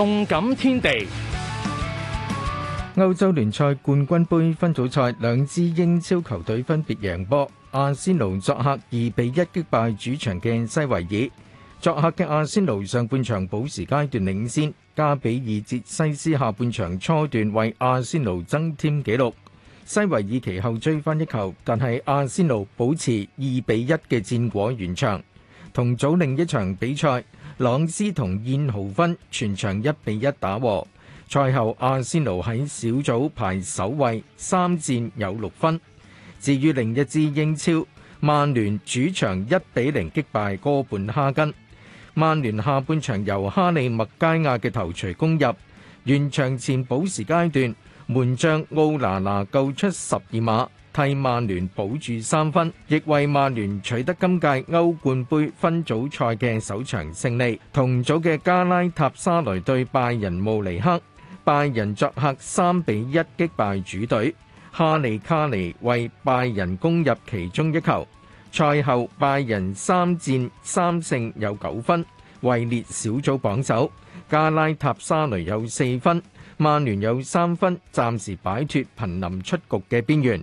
動感天地，歐洲聯賽冠軍盃分組賽，兩支英超球隊分別贏波。阿仙奴作客二比一擊敗主場嘅西維爾。作客嘅阿仙奴上半場補時階段領先，加比爾捷西斯下半場初段為阿仙奴增添紀錄。西維爾其後追翻一球，但係阿仙奴保持二比一嘅戰果完場。同組另一場比賽。朗斯同燕豪芬全場一比一打和，賽後阿仙奴喺小組排首位，三戰有六分。至於另一支英超，曼聯主場一比零擊敗哥本哈根，曼聯下半場由哈利麥佳亞嘅頭槌攻入，完場前補時階段門將奧拿拿救出十二碼。替曼聯保住三分，亦為曼聯取得今屆歐冠杯分組賽嘅首場勝利。同組嘅加拉塔沙雷對拜仁慕尼黑，拜仁作客三比一擊敗主隊，哈利卡尼為拜仁攻入其中一球。賽後拜仁三戰三勝，有九分，位列小組榜首。加拉塔沙雷有四分，曼聯有三分，暫時擺脫瀕臨出局嘅邊緣。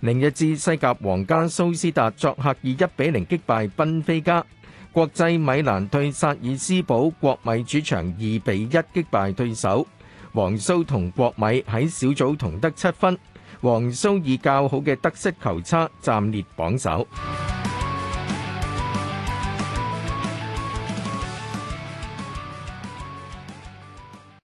另一支西甲皇家蘇斯達作客以一比零擊敗賓菲加，國際米蘭對薩爾斯堡，國米主場二比一擊敗對手，皇蘇同國米喺小組同得七分，皇蘇以較好嘅得失球差暫列榜首。